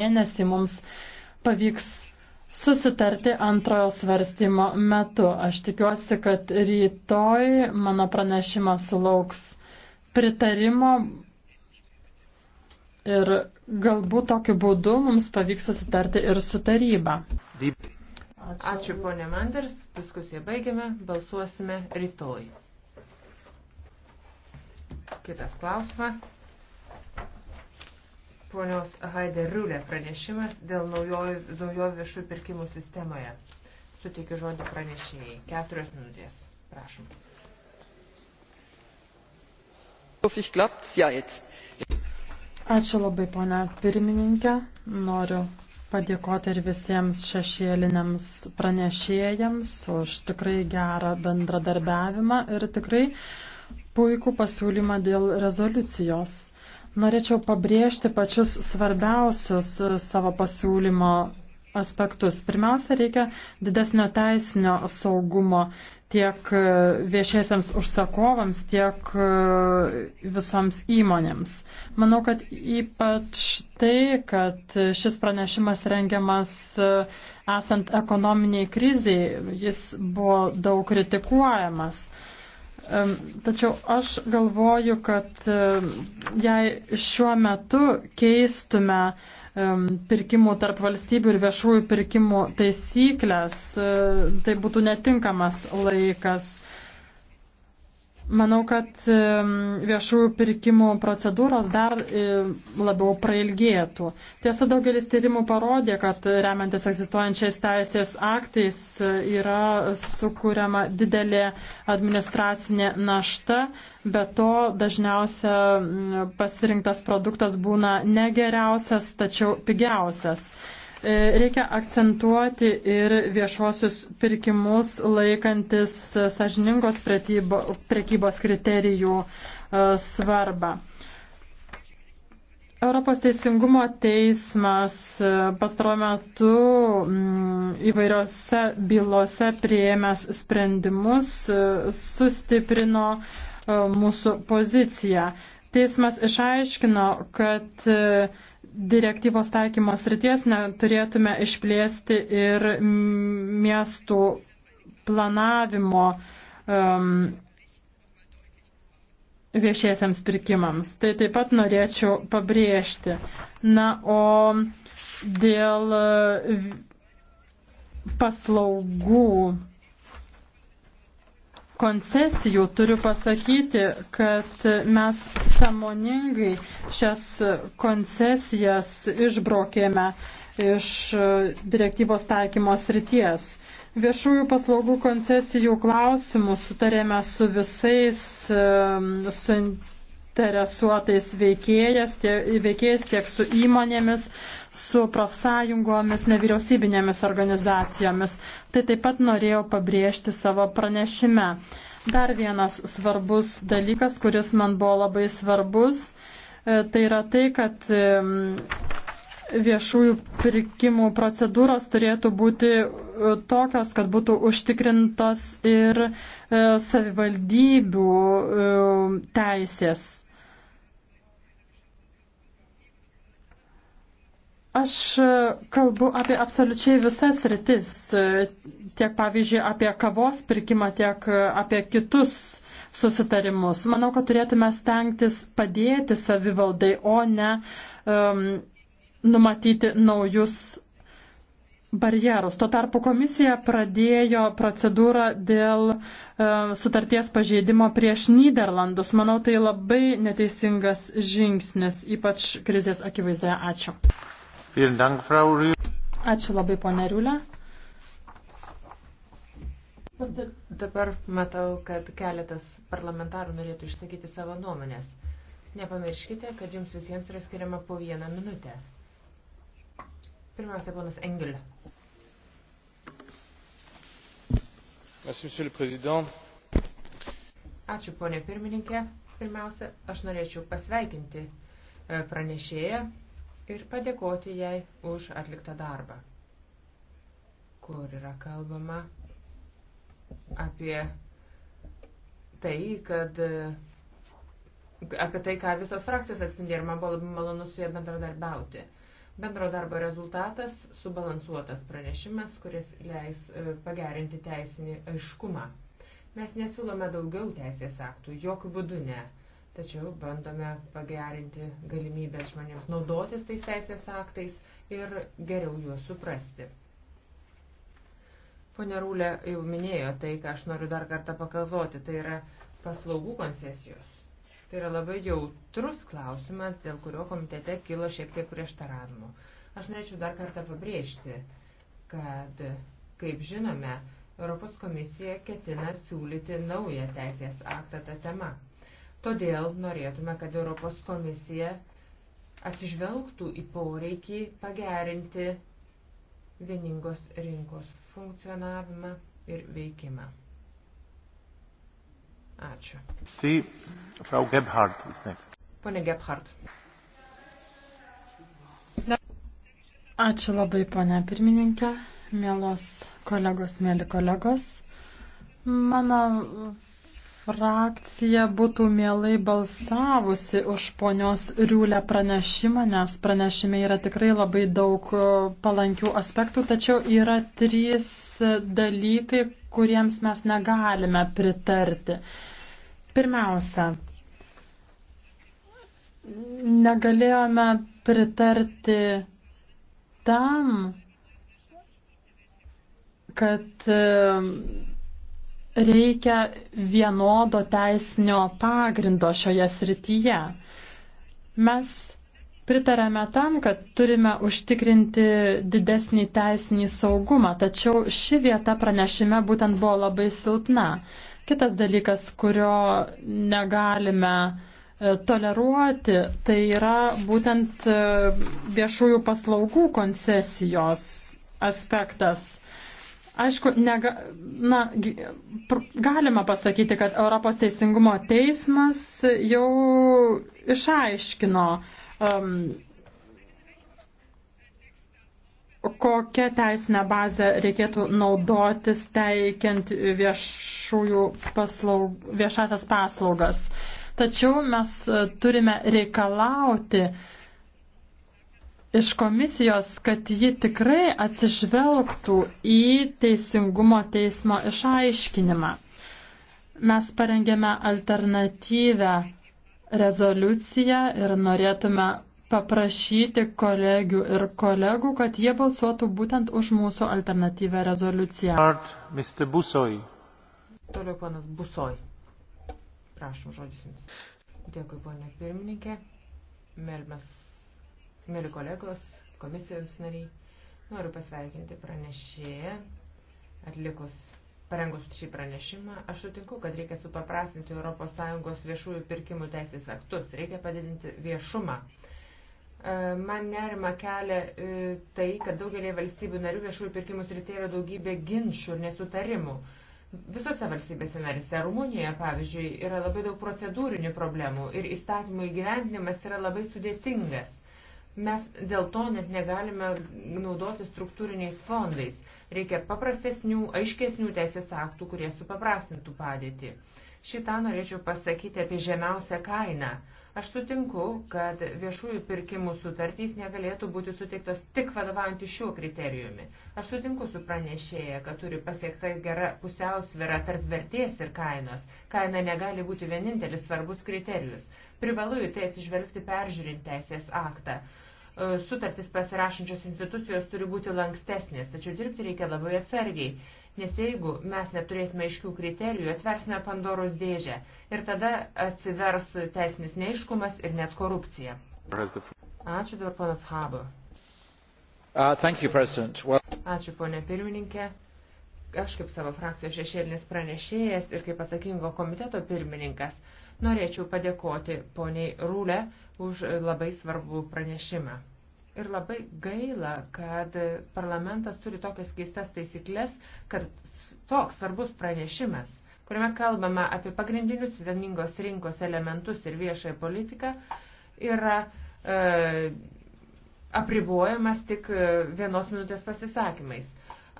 mėnesį mums pavyks susitarti antrojo svarstymo metu. Aš tikiuosi, kad rytoj mano pranešimas sulauks pritarimo ir galbūt tokiu būdu mums pavyks susitarti ir su taryba. Ačiū, Ačiū ponė Manders, diskusiją baigiame, balsuosime rytoj. Kitas klausimas ponios Haider Riulė pranešimas dėl naujojo viešųjų pirkimų sistemoje. Suteikiu žodį pranešėjai. Keturios minutės. Prašom. Ačiū labai, ponia pirmininkė. Noriu padėkoti ir visiems šešėliniams pranešėjams už tikrai gerą bendradarbiavimą ir tikrai puikų pasiūlymą dėl rezoliucijos. Norėčiau pabrėžti pačius svarbiausius e, savo pasiūlymo aspektus. Pirmiausia, reikia didesnio teisinio saugumo tiek e, viešiesiams užsakovams, tiek e, visoms įmonėms. Manau, kad ypač tai, kad šis pranešimas rengiamas esant ekonominiai kriziai, jis buvo daug kritikuojamas. Tačiau aš galvoju, kad jei šiuo metu keistume pirkimų tarp valstybių ir viešųjų pirkimų taisyklės, e, tai būtų netinkamas laikas. Manau, kad viešųjų pirkimų procedūros dar e, labiau prailgėtų. Tiesa, daugelis tyrimų parodė, kad remiantis egzistuojančiais teisės aktais e, yra sukūriama didelė administracinė našta, bet to dažniausia pasirinktas produktas būna negeriausias, tačiau pigiausias. E, reikia akcentuoti ir viešuosius pirkimus laikantis sažiningos prekybos kriterijų e, svarbą. Europos teisingumo teismas e, pastaruoju metu mm, įvairiose bylose prieėmęs sprendimus sustiprino mūsų poziciją. Teismas išaiškino, kad direktyvos taikymos ryties neturėtume išplėsti ir miestų planavimo um, viešiesiams pirkimams. Tai taip pat norėčiau pabrėžti. Na, o dėl uh, paslaugų koncesijų, turiu pasakyti, kad mes samoningai šias koncesijas išbrokėme iš direktyvos taikymos ryties. Viešųjų paslaugų koncesijų klausimų sutarėme su visais um, su suinteresuotais veikėjas, tie, veikėjais, tiek su įmonėmis, su profsąjungomis, nevyriausybinėmis organizacijomis. Tai taip pat norėjau pabrėžti savo pranešime. Dar vienas svarbus dalykas, kuris man buvo labai svarbus, e, tai yra tai, kad viešųjų pirkimų procedūros turėtų būti e, tokios, kad būtų užtikrintos ir e, savivaldybių teisės Aš e, kalbu apie absoliučiai visas rytis, e, tiek pavyzdžiui apie kavos pirkimą, tiek e, apie kitus susitarimus. Manau, kad turėtume stengtis padėti savivaldai, o ne um, numatyti naujus barjerus. Tuo tarpu komisija pradėjo procedūrą dėl e, sutarties pažeidimo prieš Niderlandus. Manau, tai labai neteisingas žingsnis, ypač krizės akivaizdoje. Ačiū. Ačiū labai, ponė Riulė. Dabar matau, kad keletas parlamentarų norėtų išsakyti savo nuomonės. Nepamirškite, kad jums visiems yra skiriama po vieną minutę. Pirmiausia, ponas Engilė. Ačiū, ponė pirmininkė. Pirmiausia, aš norėčiau pasveikinti e, pranešėją ir padėkoti jai už atliktą darbą, kur yra kalbama apie tai, kad apie tai, ką visos frakcijos atspindė ir man buvo labai malonu su jie bendradarbiauti. Bendro darbo rezultatas - subalansuotas pranešimas, kuris leis e, pagerinti teisinį aiškumą. Mes nesiūlome daugiau teisės aktų, jokių būdų ne tačiau bandome pagerinti galimybės žmonėms naudotis tais teisės aktais ir geriau juos suprasti. Pone Rūlė jau minėjo tai, ką aš noriu dar kartą pakalvoti, tai yra paslaugų koncesijos. Tai yra labai jautrus klausimas, dėl kurio komitete kilo šiek tiek prieštaravimų. Aš norėčiau dar kartą pabrėžti, kad, kaip žinome, Europos komisija ketina siūlyti naują teisės aktą tą temą. Todėl norėtume, kad Europos komisija atsižvelgtų į poreikį pagerinti vieningos rinkos funkcionavimą ir veikimą. Ačiū. Si, Frau Gebhardt is next. Pone Gebhardt. Ačiū labai, pone pirmininkė, mielos kolegos, mėly kolegos. Mano frakcija būtų mielai balsavusi už ponios Riulę pranešimą, nes pranešime yra tikrai labai daug e, palankių aspektų, tačiau yra trys dalykai, kuriems mes negalime pritarti. Pirmiausia, negalėjome pritarti tam, kad e, reikia vienodo teisinio pagrindo šioje srityje. Mes pritarėme tam, kad turime užtikrinti didesnį teisinį saugumą, tačiau ši vieta pranešime būtent buvo labai silpna. Kitas dalykas, kurio negalime e, toleruoti, tai yra būtent e, viešųjų paslaugų koncesijos aspektas. Aišku, nega, na, galima pasakyti, kad Europos teisingumo teismas jau išaiškino, um, kokią teisinę bazę reikėtų naudotis teikiant viešųjų paslaug, viešasias paslaugas. Tačiau mes e, turime reikalauti uh, iš komisijos, kad ji tikrai atsižvelgtų į teisingumo teismo išaiškinimą. Mes parengėme alternatyvę rezoliuciją ir norėtume paprašyti kolegių ir kolegų, kad jie balsuotų būtent už mūsų alternatyvę rezoliuciją. Mr. Busoj. Toliau panas Busoj. Prašom žodžius jums. Dėkui, ponė pirmininkė. Mermes Mėly kolegos, komisijos nariai, noriu pasveikinti pranešėją atlikus parengus šį pranešimą, aš sutinku, kad reikia supaprastinti ES viešųjų pirkimų teisės aktus, reikia padidinti viešumą. E, man nerima kelia e, tai, kad daugelį valstybių narių viešųjų pirkimų srityje yra daugybė ginčių ir nesutarimų. Visose valstybėse narise, Rumunijoje pavyzdžiui, yra labai daug procedūrinių problemų ir įstatymų įgyvendinimas yra labai sudėtingas Mes dėl to net negalime naudoti struktūriniais fondais. Reikia paprastesnių, aiškesnių teisės aktų, kurie supaprastintų padėtį. Šitą norėčiau pasakyti apie žemiausią kainą. Aš sutinku, kad viešųjų pirkimų sutartys negalėtų būti suteiktos tik vadovaujantį šiuo kriterijumi. Aš sutinku su pranešėja, kad turi pasiekta gera pusiausvėra tarp vertės ir kainos. Kaina negali būti vienintelis svarbus kriterijus. Privalu į tai atsižvelgti peržiūrint teisės aktą. E, sutartis pasirašančios institucijos turi būti lankstesnės, tačiau dirbti reikia labai atsargiai, nes jeigu mes neturėsime aiškių kriterijų, atversime Pandoros dėžę ir tada atsivers teisinis neiškumas ir net korupcija. Ačiū dar ponas Habo. Uh, you, well... Ačiū ponė pirmininkė aš kaip savo frakcijos šešėlinis pranešėjas ir kaip atsakingo komiteto pirmininkas Norėčiau padėkoti poniai Rūlė už labai svarbų pranešimą. Ir labai gaila, kad parlamentas turi tokias keistas taisyklės, kad toks svarbus pranešimas, kuriame kalbama apie pagrindinius vieningos rinkos elementus ir viešąją politiką, yra e, apribojamas tik e, vienos minutės pasisakymais.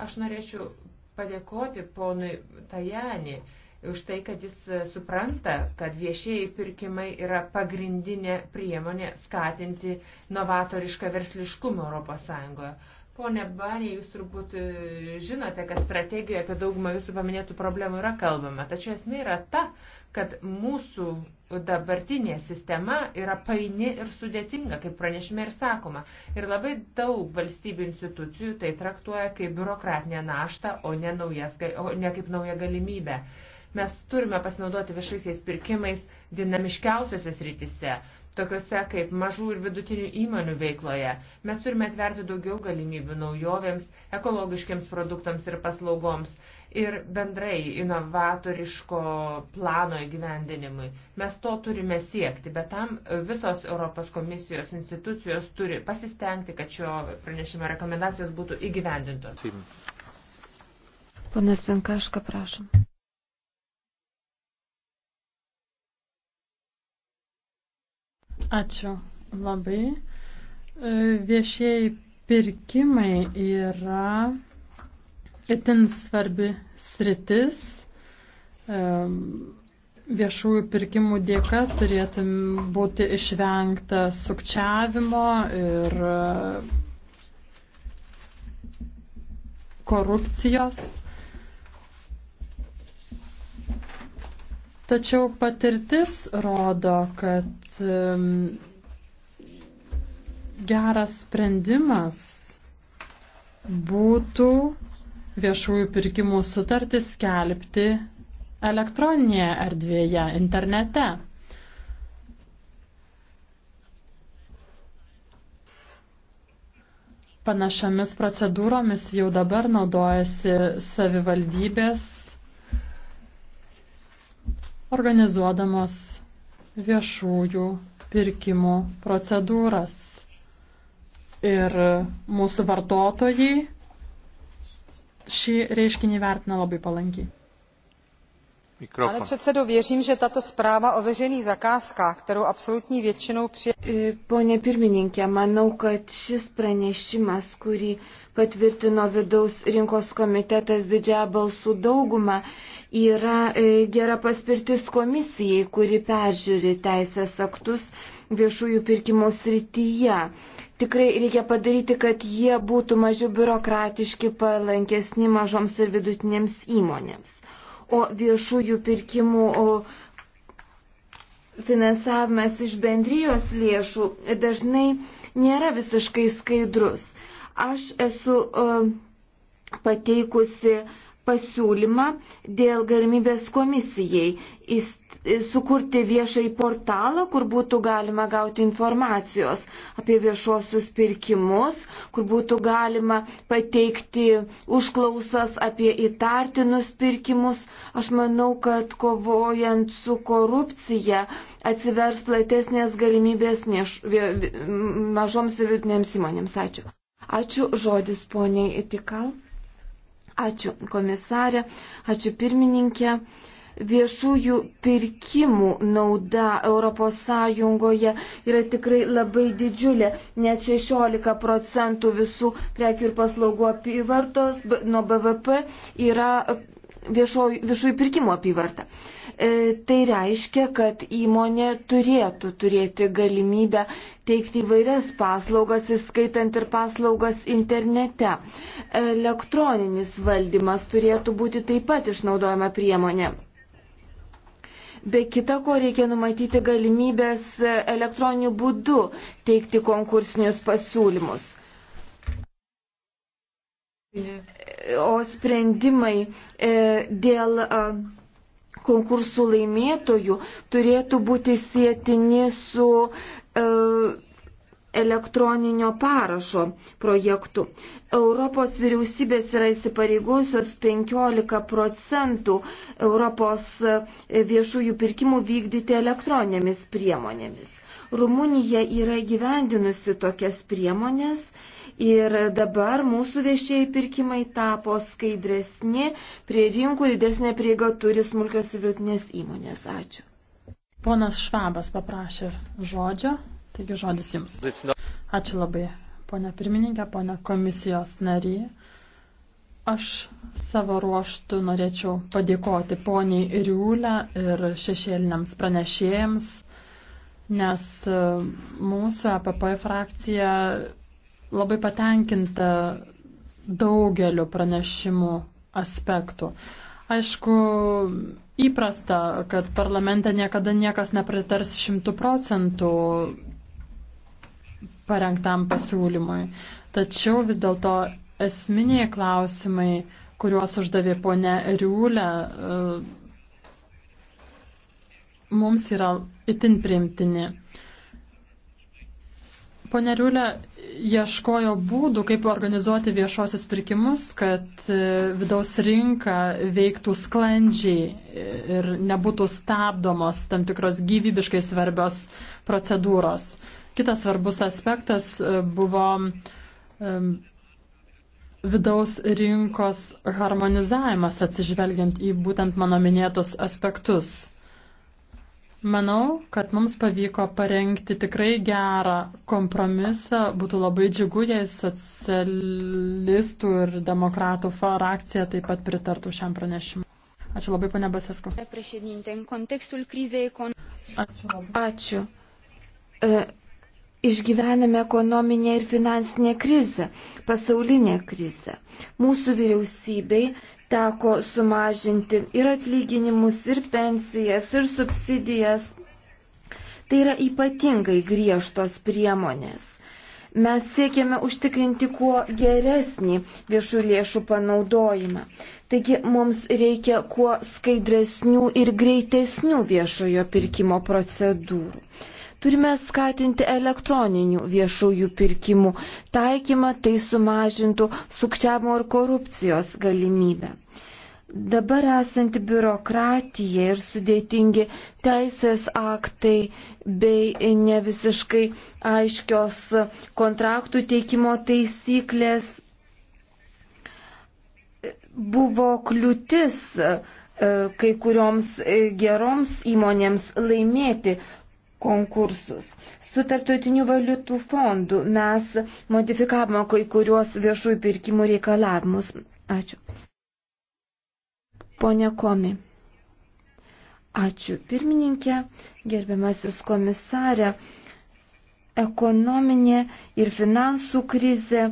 Aš norėčiau padėkoti ponui Tajani, e, už tai, kad jis e, supranta, kad viešieji pirkimai yra pagrindinė priemonė skatinti novatorišką versliškumą ES. Pone Banė, jūs turbūt e, žinote, kad strategijoje apie daugumą jūsų paminėtų problemų yra kalbama, tačiau esmė yra ta, kad mūsų dabartinė sistema yra paini ir sudėtinga, kaip pranešime ir sakoma. Ir labai daug valstybių institucijų tai traktuoja kaip biurokratinę naštą, o ne, naujas, o ne kaip naują galimybę. Uh, Mes turime pasinaudoti viešaisiais pirkimais dinamiškiausiose srityse, tokiuose kaip mažų ir vidutinių įmonių veikloje. Mes turime atverti daugiau galimybių naujovėms, ekologiškiams produktams ir paslaugoms ir bendrai inovatoriško plano įgyvendinimui. Mes to turime siekti, bet tam visos Europos komisijos institucijos turi pasistengti, kad šio pranešimo rekomendacijos būtų įgyvendintos. Panas Venkaška, prašom. Ačiū labai. E, viešieji pirkimai yra itin svarbi sritis. E, viešųjų pirkimų dėka turėtum būti išvengta sukčiavimo ir e, korupcijos. Tačiau patirtis rodo, kad geras sprendimas būtų viešųjų pirkimų sutartis skelbti elektroninėje erdvėje, internete. Panašiamis procedūromis jau dabar naudojasi savivaldybės organizuodamos viešųjų pirkimų procedūras. Ir mūsų vartotojai šį reiškinį vertina labai palankiai pane předsedo věřím že tato zpráva o veřejných zakázkách kterou absolutní většinou přijal e, patvirtino vidaus rinkos komitetas didžiąją balsų daugumą, yra e, gera paspirtis komisijai, kuri peržiūri teisės aktus viešųjų pirkimų srityje. Tikrai reikia padaryti, kad jie būtų mažiau biurokratiški, palankesni mažoms ir vidutinėms įmonėms o viešųjų pirkimų finansavimas iš bendrijos lėšų dažnai nėra visiškai skaidrus. Aš esu pateikusi uh, pasiūlymą dėl galimybės komisijai sukurti viešai portalą, kur būtų galima gauti informacijos apie viešuosius pirkimus, kur būtų galima pateikti užklausas apie įtartinus pirkimus. Aš manau, kad kovojant su korupcija atsivers platesnės galimybės mieš, vie, mažoms ir vidutinėms įmonėms. Ačiū. Ačiū žodis poniai Tikal. Ačiū komisarė, ačiū pirmininkė. Viešųjų pirkimų nauda ES yra tikrai labai didžiulė, net 16 procentų visų prekių ir paslaugų apyvartos nuo BVP yra viešųjų pirkimų apyvartą. E, tai reiškia, kad įmonė turėtų turėti galimybę teikti įvairias paslaugas, įskaitant ir paslaugas internete. Elektroninis valdymas turėtų būti taip pat išnaudojama priemonė. Be kita ko reikia numatyti galimybės elektroniniu būdu teikti konkursinius pasiūlymus o sprendimai e, dėl konkursų laimėtojų turėtų būti sėtini su e, elektroninio parašo projektu. Europos vyriausybės yra įsipareigojusios 15 procentų Europos e, viešųjų pirkimų vykdyti elektroninėmis priemonėmis. Rumunija yra gyvendinusi tokias priemonės Ir dabar mūsų viešieji pirkimai tapo skaidresni, prie rinkų didesnė prieiga turi smulkios ir vidutinės įmonės. Ačiū. Ponas Švabas paprašė žodžio, taigi žodis jums. Ačiū labai, ponia pirmininkė, ponia komisijos narė. Aš savo ruoštų norėčiau padėkoti poniai Riūlę ir šešėliniams pranešėjams, nes mūsų APP e frakcija labai patenkinta daugeliu pranešimų aspektų. Aišku, įprasta, kad parlamente niekada niekas nepritars šimtų procentų parengtam pasiūlymui. Tačiau vis dėlto esminiai klausimai, kuriuos uždavė ponė Riūlė, e, mums yra itin priimtini. Pone Riulė ieškojo būdų, kaip organizuoti viešuosius pirkimus, kad e, vidaus rinka veiktų sklandžiai e, ir nebūtų stabdomos tam tikros gyvybiškai svarbios procedūros. Kitas svarbus aspektas e, buvo vidaus rinkos harmonizavimas atsižvelgiant į būtent mano minėtus aspektus. Manau, kad mums pavyko parengti tikrai gerą kompromisą. Būtų labai džiugu, jei socialistų ir demokratų frakcija taip pat pritartų šiam pranešimui. Ačiū labai, ponia Basesko. Ačiū. Labai. Ačiū. E, išgyvename ekonominę ir finansinę krizę, pasaulinę krizę. Mūsų vyriausybei teko sumažinti ir atlyginimus, ir pensijas, ir subsidijas. Tai yra ypatingai griežtos priemonės. Mes siekiame užtikrinti kuo geresnį viešų lėšų panaudojimą. Taigi mums reikia kuo skaidresnių ir greitesnių viešojo pirkimo procedūrų. Turime skatinti elektroninių viešųjų pirkimų taikymą, tai sumažintų sukčiavimo ir korupcijos galimybę. Dabar esanti biurokratija ir sudėtingi teisės aktai bei nevisiškai aiškios kontraktų teikimo taisyklės buvo kliūtis e, kai kurioms e, geroms įmonėms laimėti konkursus. Su tarptautiniu valiutų fondu mes modifikavome kai kuriuos viešųjų pirkimų reikalavimus. Ačiū. Pone Komi. Ačiū pirmininkė, gerbiamasis komisarė. Ekonominė ir finansų krizė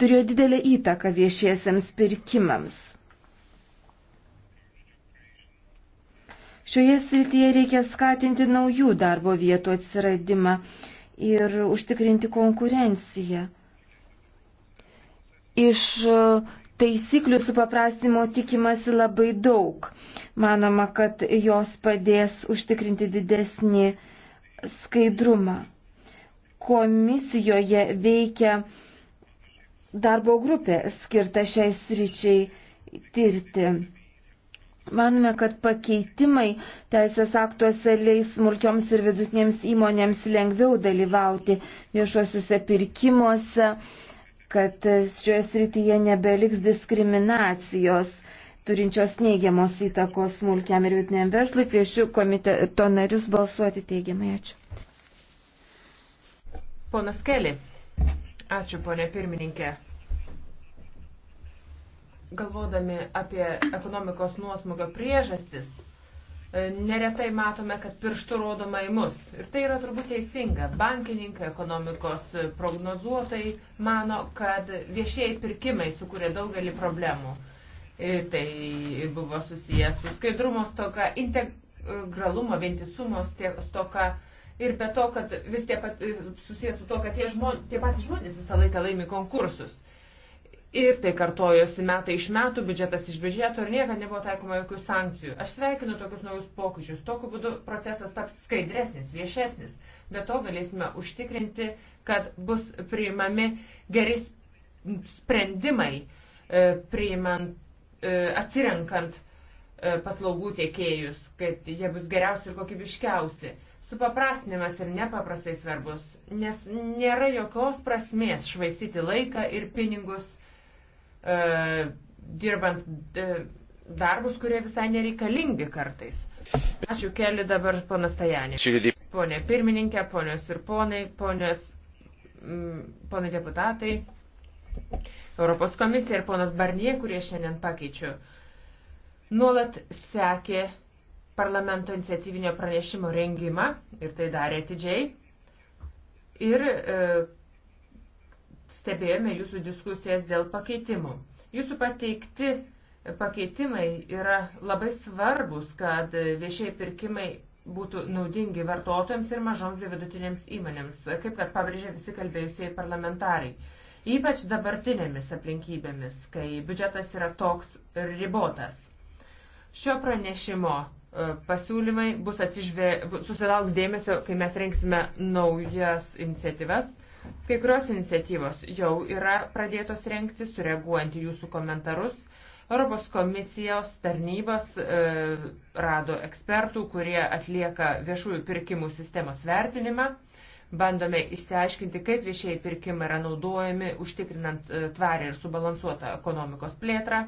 turėjo didelę įtaką viešiesiams pirkimams. Šioje srityje reikia skatinti naujų darbo vietų atsiradimą ir užtikrinti konkurenciją. Iš e, taisyklių supaprastimo tikimasi labai daug. Manoma, kad jos padės užtikrinti didesnį skaidrumą. Komisijoje veikia darbo grupė skirta šiai sričiai tirti. Manome, kad pakeitimai teisės aktuose leis smulkioms ir vidutinėms įmonėms lengviau dalyvauti viešuosiuose pirkimuose, kad šioje srityje nebeliks diskriminacijos turinčios neigiamos įtakos smulkiam ir vidutiniam verslui. Kviešiu komiteto narius balsuoti teigiamai. Ačiū. Ponas Keli. Ačiū, ponė pirmininkė galvodami apie ekonomikos nuosmogio priežastis, e, neretai matome, kad pirštų rodoma į mus. Ir tai yra turbūt teisinga. Bankininkai, ekonomikos prognozuotojai mano, kad viešieji pirkimai sukūrė daugelį problemų. Ir e, tai buvo susijęs su skaidrumo stoka, integralumo, vientisumo stoka. Ir be to, kad vis tie pat, e, susijęs su to, kad tie, žmon, tie patys žmonės visą laiką laimi konkursus. Ir tai kartojosi metai iš metų, biudžetas iš biudžeto ir niekada nebuvo taikoma jokių sankcijų. Aš sveikinu tokius naujus pokyčius. Tokiu būdu procesas taps skaidresnis, viešesnis. Be to galėsime užtikrinti, kad bus priimami geri sprendimai, e, priimant, e, atsirenkant e, paslaugų tiekėjus, kad jie bus geriausi ir kokybiškiausi. Supaprastinimas ir nepaprastai svarbus, nes nėra jokios prasmės švaistyti laiką ir pinigus E, dirbant e, darbus, kurie visai nereikalingi kartais. Ačiū keli dabar ponas Tajanė. Pone pirmininkė, ponios ir ponai, ponios, ponai deputatai, Europos komisija ir ponas Barnie, kurie šiandien pakeičiu, nuolat sekė parlamento iniciatyvinio pranešimo rengimą ir tai darė atidžiai. Ir e, stebėjome jūsų diskusijas dėl pakeitimų. Jūsų pateikti pakeitimai yra labai svarbus, kad viešiai pirkimai būtų naudingi vartotojams ir mažoms ir vidutinėms įmonėms, kaip kad pabrėžė visi kalbėjusieji parlamentarai. Ypač dabartinėmis aplinkybėmis, kai biudžetas yra toks ribotas. Šio pranešimo e, pasiūlymai bus atsižvė, susilauks dėmesio, kai mes rinksime naujas iniciatyvas Kai kurios iniciatyvos jau yra pradėtos renkti, sureaguojant į jūsų komentarus. Europos komisijos tarnybos e, rado ekspertų, kurie atlieka viešųjų pirkimų sistemos vertinimą. Bandome išsiaiškinti, kaip viešieji pirkimai yra naudojami, užtikrinant e, tvarę ir subalansuotą ekonomikos plėtrą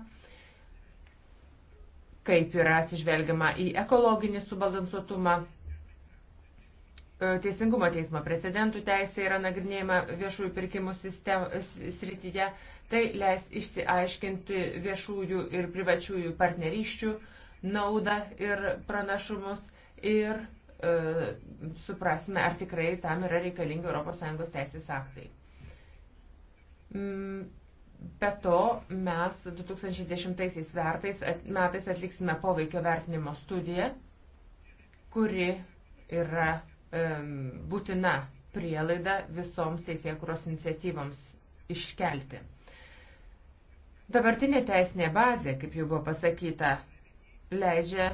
kaip yra atsižvelgiama į ekologinį subalansuotumą E, Teisingumo teismo precedentų teisė yra nagrinėjama viešųjų pirkimų sistem, srityje. Tai leis išsiaiškinti viešųjų ir privačiųjų partnerysčių naudą ir pranašumus ir e, suprasime, ar tikrai tam yra reikalingi ES teisės aktai. Mm, be to, mes 2010 metais atliksime poveikio vertinimo studiją, kuri yra būtina prielaida visoms teisėkuros iniciatyvoms iškelti. Dabartinė teisinė bazė, kaip jau buvo pasakyta, leidžia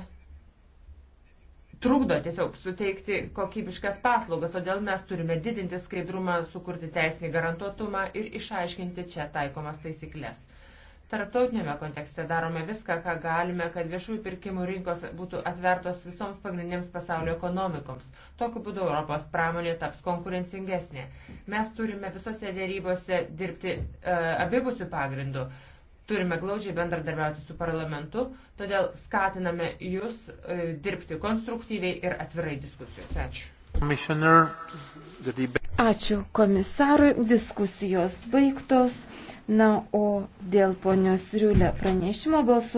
trukdo tiesiog suteikti kokybiškas paslaugas, todėl mes turime didinti skaidrumą, sukurti teisinį garantuotumą ir išaiškinti čia taikomas taisyklės. Tarptautinėme kontekste darome viską, ką galime, kad viešųjų pirkimų rinkos būtų atvertos visoms pagrindinėms pasaulio ekonomikoms. Tokiu būdu Europos pramonė taps konkurencingesnė. Mes turime visose dėrybose dirbti e, abipusių pagrindų. Turime glaudžiai bendradarbiauti su parlamentu, todėl skatiname jūs e, dirbti konstruktyviai ir atvirai diskusijos. Ačiū. Ačiū komisarui, diskusijos baigtos. Na, o dėl ponios Riulė pranešimo balsuo.